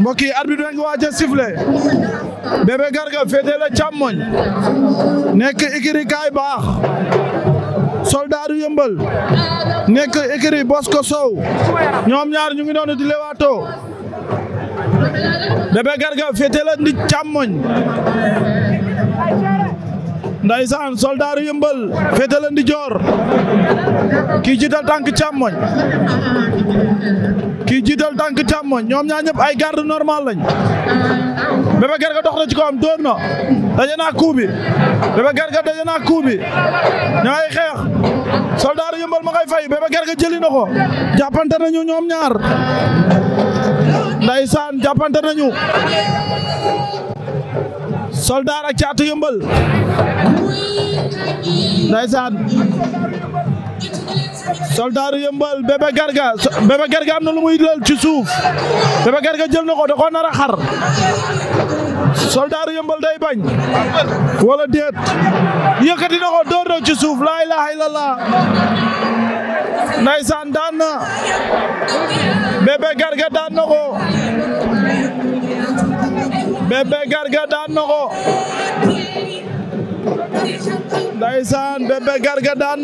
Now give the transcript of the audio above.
mbokk yi arbitre ngi waaj a sifflé Bébé Garga féete la nekk écurie kaay baax soldat du nekk écurie Bosco Sow ñoom ñaar ñu ngi noonu di lewaatoo Bébé Garga féete la ndi càmmoñ ndaysaan soldaaru yëmbal féete ndi joor kii jiital tànk càmmoñ kii jiital tànk càmmoñ ñoom ñaar ñëpp ay garde normal lañ Bébé Garga dox ci kawam dóor na daje naa coup bi Bébé Garga daje naa coup bi ay xeex soldaaru yëmbal ma ngay fay Bébé Garga jëli na ko jàppante nañu ñoom ñaar ndaysaan jàppante nañu soldaar ak caatu yëmbal ndaysaan soldaaru yëmbal bébé garga bébé garga am na lu muy lël ci suuf bébé garga jël na ko da ko nar a xar soldaaru na ko door ci suuf laa ilaha illallah ndaysaan daan na bébé garga daan na ko bébé garga daan na ko ndaysaan bébé garga